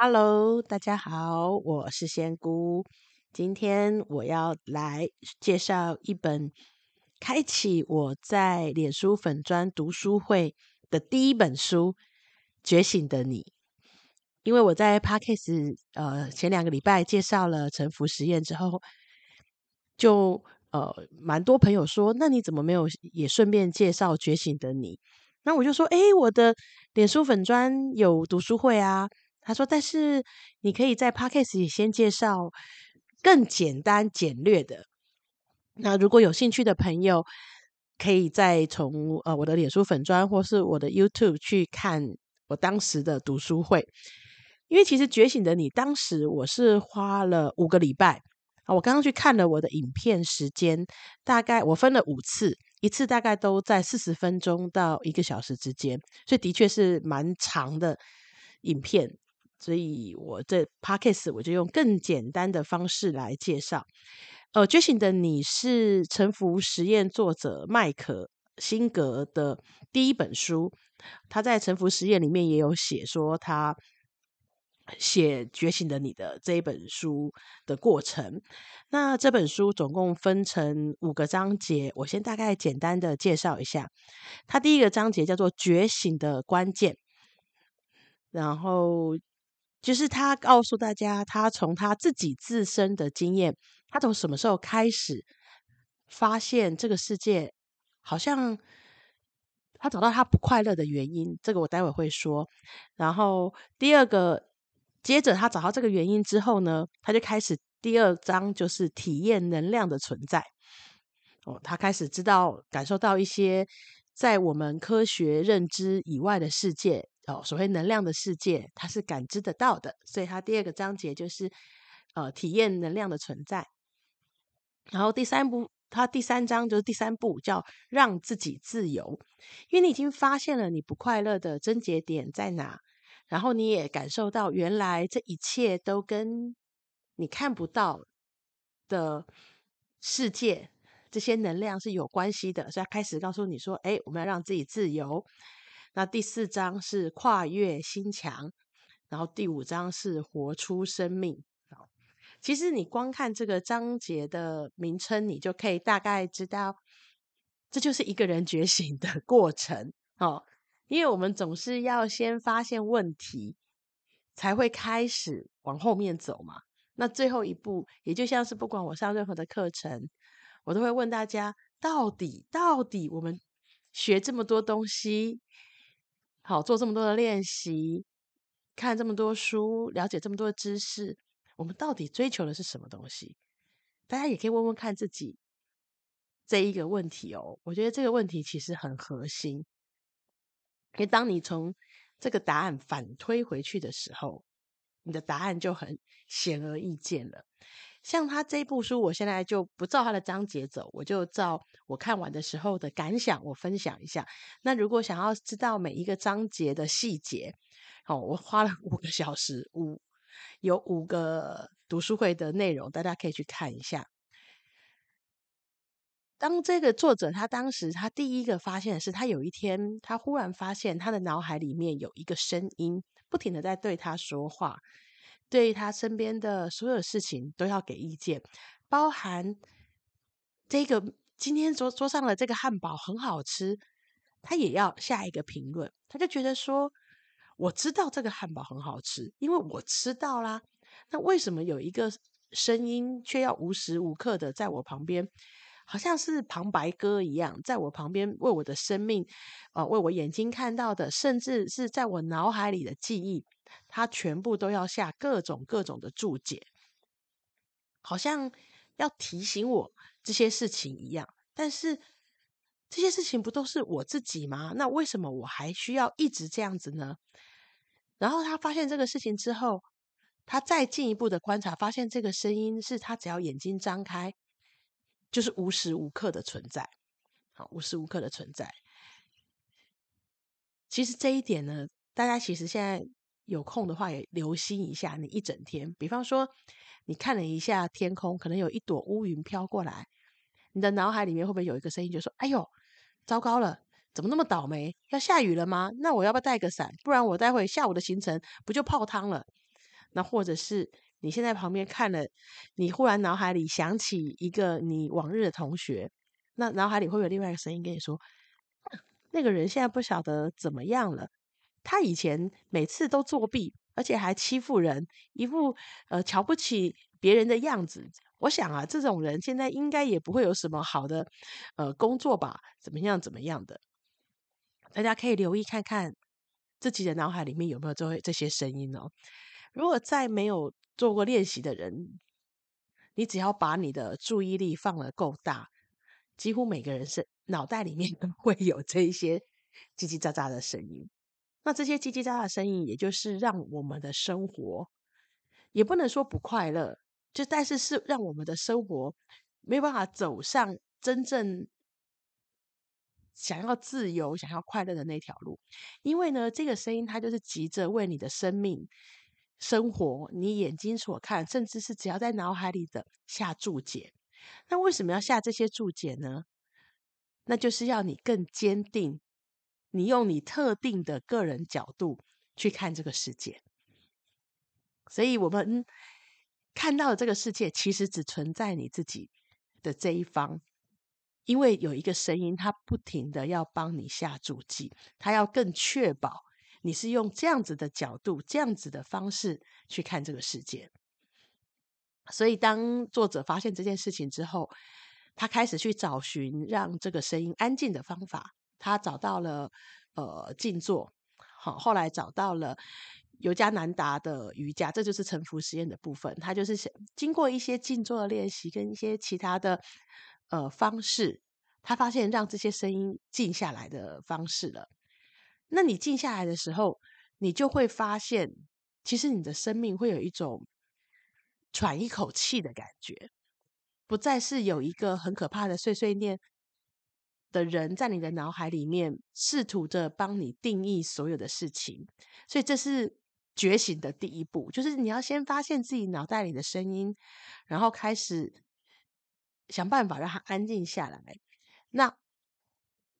Hello，大家好，我是仙姑。今天我要來介紹一本開啟我在臉書粉專讀書會的第一本書《覺醒的你》。因為我在 Podcast 呃前兩個禮拜介紹了臣服實驗之後，就呃蠻多朋友說，那你怎麼沒有也順便介紹《覺醒的你》？那我就說，誒，我的臉書粉專有讀書會啊。他說：“但是你可以在 Podcast 裡先介紹更簡單簡略的。那如果有興趣的朋友，可以再從呃我的臉書粉專或是我的 YouTube 去看我當時的讀書會。因為其實《覺醒的你》當時我是花了五個禮拜啊。我剛剛去看了我的影片，時間大概我分了五次，一次大概都在四十分鐘到一個小時之間，所以的確是蠻長的影片。”所以我這 Podcast 我就用更簡單的方式來介紹。呃，《覺醒的你》是《臣服實驗》作者麥可辛格的第一本書。他在《臣服實驗》裡面也有寫說他寫《覺醒的你》的這一本書的過程。那這本書總共分成五個章節，我先大概簡單的介紹一下。他第一個章節叫做《覺醒的關鍵》，然後，就是他告訴大家，他從他自己自身的經驗，他從什麼時候開始發現這個世界好像他找到他不快樂的原因，這個我待會會說。然後第二個，接着他找到這個原因之後呢，他就開始第二章就是體驗能量的存在。哦，他開始知道感受到一些在我們科學認知以外的世界。哦，所謂能量的世界，它是感知得到的，所以它第二個章節就是，呃，體驗能量的存在。然後第三步，它第三章就是第三步，叫讓自己自由。因為你已經發現了你不快樂的症結點在哪，然後你也感受到原來這一切都跟你看不到的世界、這些能量是有關係的，所以它開始告訴你說：“哎，我們要讓自己自由。”那第四章是跨越心牆，然後第五章是活出生命，哦，其實你光看這個章節的名稱，你就可以大概知道，這就是一個人覺醒的過程。哦，因為我們總是要先發現問題，才會開始往後面走嘛。那最後一步，也就像是不管我上任何的課程，我都會問大家：到底到底我們學這麼多東西？好，做這麼多的練習，看這麼多書，了解這麼多的知識，我們到底追求的是什麼東西？大家也可以問問看自己這一個問題哦。我覺得這個問題其實很核心，因為當你從這個答案反推回去的時候，你的答案就很顯而易見了。像他這部書，我現在就不照他的章節走，我就照我看完的時候的感想，我分享一下。那如果想要知道每一個章節的細節，哦，我花了五個小時，五，有五個讀書會的內容，大家可以去看一下。當這個作者他當時他第一個發現的是，他有一天他忽然發現他的腦海裡面有一個聲音，不停的在對他說話。對他身邊的所有事情都要給意見，包含這個今天桌桌上的這個漢堡很好吃，他也要下一個評論。他就覺得說：“我知道這個漢堡很好吃，因為我吃到啦。那為什麼有一個聲音卻要無時無刻的在我旁邊，好像是旁白哥一樣，在我旁邊為我的生命，呃，為我眼睛看到的，甚至是在我腦海裡的記憶。”他全部都要下各種各種的註解，好像要提醒我這些事情一樣。但是這些事情不都是我自己嗎？那為什麼我還需要一直這樣子呢？然後他發現這個事情之後，他再進一步的觀察，發現這個聲音是他只要眼睛張開，就是無時無刻的存在。好，無時無刻的存在。其實這一點呢，大家其實現在。有空的話也留心一下，你一整天，比方說你看了一下天空，可能有一朵烏雲飄過來，你的腦海裡面會不會有一個聲音就說：“哎呦，糟糕了，怎麼那麼倒霉，要下雨了嗎？”那我要不要帶個傘？不然我待會下午的行程不就泡湯了？那或者是你現在旁邊看了，你忽然腦海裡想起一個你往日的同學，那腦海裡會不會有另外一個聲音跟你說：“那個人現在不曉得怎麼樣了？”他以前每次都作弊，而且還欺負人，一副呃瞧不起別人的樣子。我想啊，這種人現在應該也不會有什麼好的呃工作吧？怎麼樣怎麼樣的？大家可以留意看看自己的腦海裡面有沒有這這些聲音哦。如果再沒有做過練習的人，你只要把你的注意力放得夠大，幾乎每個人是腦袋裡面都會有這些嘰嘰喳喳的聲音。那這些嘰嘰喳喳的聲音，也就是讓我們的生活，也不能說不快樂，就但是是讓我們的生活沒有辦法走上真正想要自由，想要快樂的那條路。因為呢，這個聲音它就是急着為你的生命、生活、你眼睛所看，甚至是只要在腦海裡的下注解。那為什麼要下這些注解呢？那就是要你更堅定。你用你特定的個人角度去看這個世界，所以我們看到的這個世界其實只存在你自己的這一方，因為有一個聲音，它不停的要幫你下註記，它要更確保你是用這樣子的角度、這樣子的方式去看這個世界。所以，當作者發現這件事情之後，他開始去找尋讓這個聲音安靜的方法。他找到了呃，靜坐，好，後來找到了尤加南達的瑜伽，這就是臣服實驗的部分。他就是想經過一些靜坐的練習，跟一些其他的呃方式，他發現讓這些聲音靜下來的方式了。那你靜下來的時候，你就會發現，其實你的生命會有一種喘一口氣的感覺，不再是有一個很可怕的碎碎念。的人在你的腦海裡面試圖着幫你定義所有的事情，所以這是覺醒的第一步，就是你要先發現自己腦袋裡的聲音，然後開始想辦法讓它安靜下來。那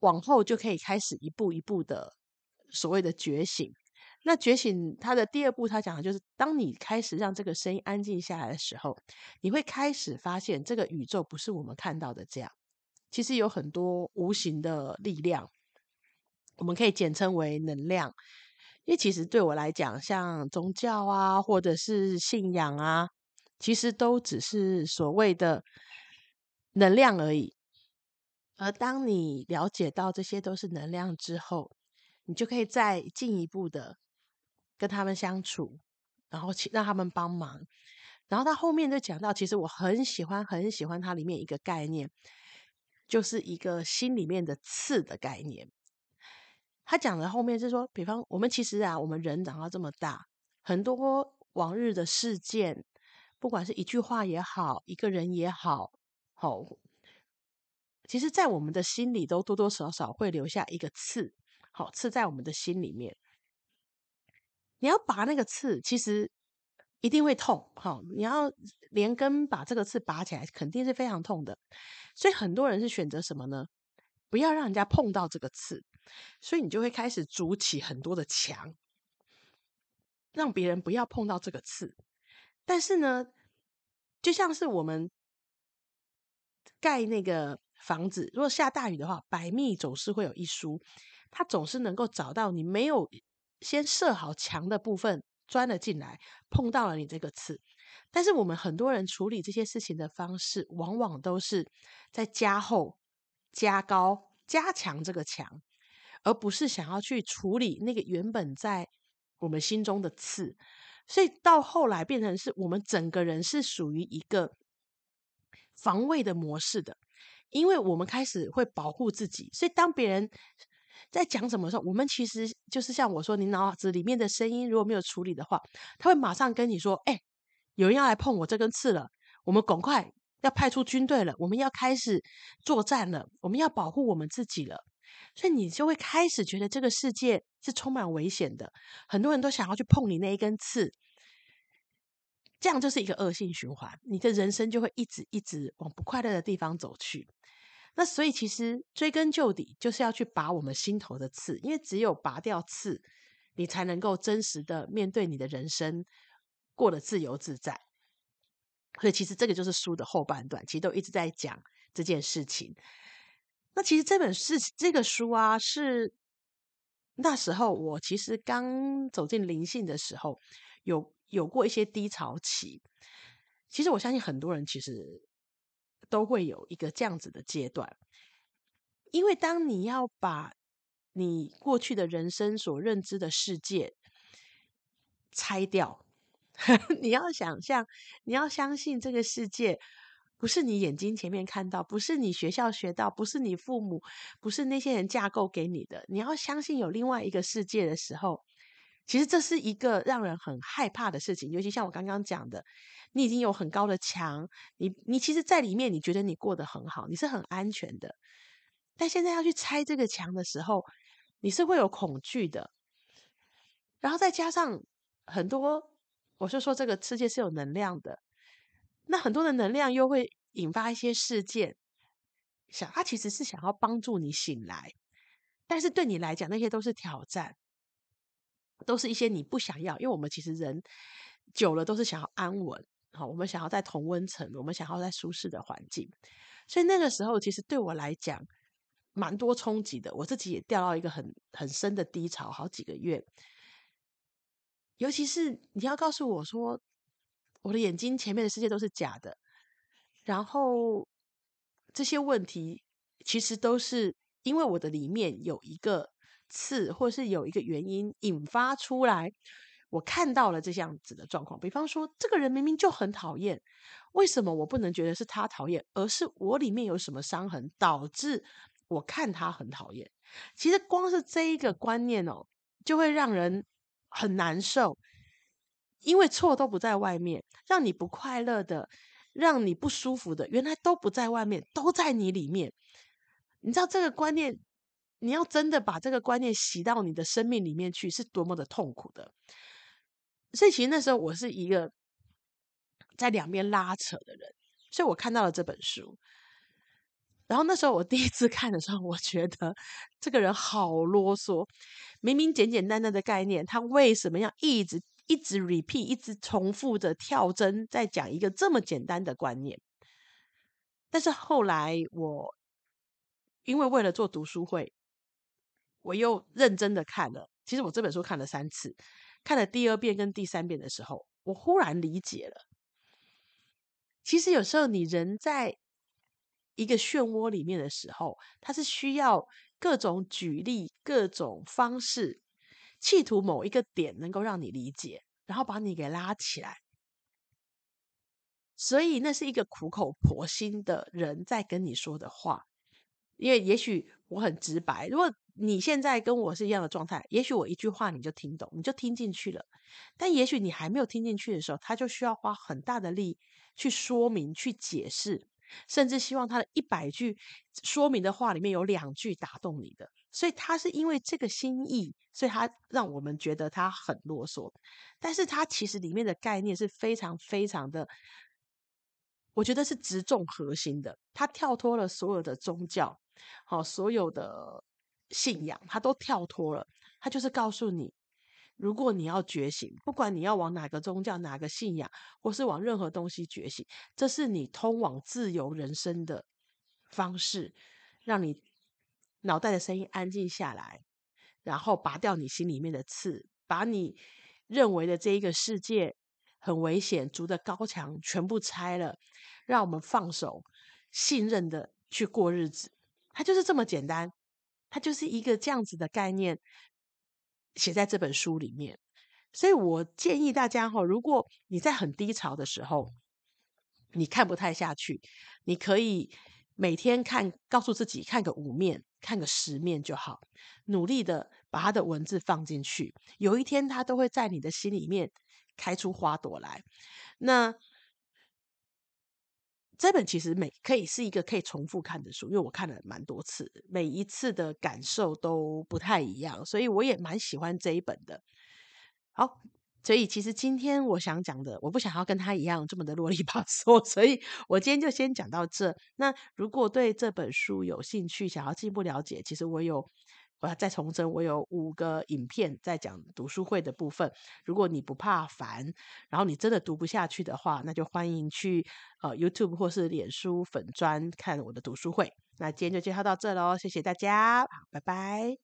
往後就可以開始一步一步的所謂的覺醒。那覺醒它的第二步，它講的就是，當你開始讓這個聲音安靜下來的時候，你會開始發現這個宇宙不是我們看到的這樣。其實有很多無形的力量，我們可以簡稱為能量。因為其實對我來講，像宗教啊，或者是信仰啊，其實都只是所謂的能量而已。而當你了解到這些都是能量之後，你就可以再進一步的跟他們相處，然後請讓他們幫忙。然後到後面就講到，其實我很喜歡，很喜歡它裡面一個概念。就是一個心裡面的刺的概念。他講的後面是說，比方我們其實啊，我們人長到這麼大，很多往日的事件，不管是一句話也好，一個人也好，好，其實在我們的心裡都多多少少會留下一個刺，好，刺在我們的心裡面。你要拔那個刺，其實一定會痛，好，你要。連根把這個刺拔起來，肯定是非常痛的。所以很多人是選擇什麼呢？不要讓人家碰到這個刺，所以你就會開始築起很多的牆，讓別人不要碰到這個刺。但是呢，就像是我們蓋那個房子，如果下大雨的話，百密總是會有一疏，它總是能夠找到你沒有先設好牆的部分。鑽了進來，碰到了你這個刺。但是我們很多人處理這些事情的方式，往往都是在加厚、加高、加強這個牆，而不是想要去處理那個原本在我們心中的刺。所以到後來變成是，我們整個人是屬於一個防衛的模式的，因為我們開始會保護自己。所以當別人在講什麼時候，我們其實就是像我說，你腦子裡面的聲音如果沒有處理的話，他會馬上跟你說：“哎、欸，有人要來碰我這根刺了，我們趕快要派出軍隊了，我們要開始作戰了，我們要保護我們自己了。”所以你就會開始覺得這個世界是充滿危險的，很多人都想要去碰你那一根刺，這樣就是一個惡性循環，你的人生就會一直一直往不快樂的地方走去。那所以，其實追根究底，就是要去拔我們心頭的刺，因為只有拔掉刺，你才能夠真實的面對你的人生，過得自由自在。所以，其實這個就是書的後半段，其實都一直在講這件事情。那其實，這本是這個書啊，是那時候我其實剛走進靈性的時候，有有過一些低潮期。其實，我相信很多人其實，都會有一個這樣子的階段，因為當你要把你過去的人生所認知的世界拆掉，呵呵，你要想象，你要相信這個世界不是你眼睛前面看到，不是你學校學到，不是你父母，不是那些人架構給你的，你要相信有另外一個世界的時候。其實這是一個讓人很害怕的事情，尤其像我剛剛講的，你已經有很高的牆，你你其實在裡面，你覺得你過得很好，你是很安全的。但現在要去拆這個牆的時候，你是會有恐懼的。然後再加上很多，我是說這個世界是有能量的，那很多的能量又會引發一些事件，想，它其實是想要幫助你醒來，但是對你來講，那些都是挑戰。都是一些你不想要，因為我們其實人久了都是想要安穩，好，我們想要在同溫層，我們想要在舒適的環境，所以那個時候其實對我來講蠻多衝擊的，我自己也掉到一個很很深的低潮，好幾個月。尤其是你要告訴我說，我的眼睛前面的世界都是假的，然後這些問題其實都是因為我的裡面有一個次，或是有一個原因引發出來，我看到了這樣子的狀況。比方說，這個人明明就很討厭，為什麼我不能覺得是他討厭，而是我裡面有什麼傷痕導致我看他很討厭？其實光是這一個觀念哦，就會讓人很難受，因為錯都不在外面，讓你不快樂的、讓你不舒服的，原來都不在外面，都在你裡面。你知道這個觀念，你要真的把這個觀念洗到你的生命裡面去，是多麼的痛苦的。所以其實那時候我是一個在兩邊拉扯的人，所以我看到了這本書。然後那時候我第一次看的時候，我覺得這個人好囉嗦，明明簡簡單單的概念，他為什麼要一直一直 repeat，一直重複着跳針在講一個這麼簡單的觀念？但是後來我因為為了做讀書會。我又認真的看了，其實我這本書看了三次，看了第二遍跟第三遍的時候，我忽然理解了。其實有時候你人在一個漩渦裡面的時候，他是需要各種舉例、各種方式，企圖某一個點能夠讓你理解，然後把你給拉起來。所以那是一個苦口婆心的人在跟你說的話，因為也許我很直白，如果。你現在跟我是一樣的狀態，也許我一句話你就聽懂，你就聽進去了。但也許你還沒有聽進去的時候，他就需要花很大的力去說明、去解釋，甚至希望他的一百句說明的話裡面有兩句打動你的。所以他是因為這個心意，所以他讓我們覺得他很囉嗦，但是他其實裡面的概念是非常非常的，我覺得是直中核心的。他跳脫了所有的宗教，好，所有的。信仰，他都跳脫了。他就是告訴你，如果你要覺醒，不管你要往哪個宗教、哪個信仰，或是往任何東西覺醒，這是你通往自由人生的方式。讓你腦袋的聲音安靜下來，然後拔掉你心裡面的刺，把你認為的這一個世界很危險、築的高牆全部拆了。讓我們放手，信任的去過日子。它就是這麼簡單。它就是一個這樣子的概念，寫在這本書裡面，所以我建議大家，如果你在很低潮的時候，你看不太下去，你可以每天看，告訴自己看個五面，看個十面就好，努力的把他的文字放進去，有一天他都會在你的心裡面開出花朵來。那。這本其實每可以是一個可以重複看的書，因為我看了蠻多次，每一次的感受都不太一樣，所以我也蠻喜歡這一本的。好，所以其實今天我想講的，我不想要跟他一樣這麼的囉里吧嗦，所以我今天就先講到這。那如果對這本書有興趣，想要進一步了解，其實我有。我要再重申，我有五個影片在講讀書會的部分。如果你不怕煩，然後你真的讀不下去的話，那就歡迎去呃 YouTube 或是臉書粉專看我的讀書會。那今天就介紹到這嘍，謝謝大家，拜拜。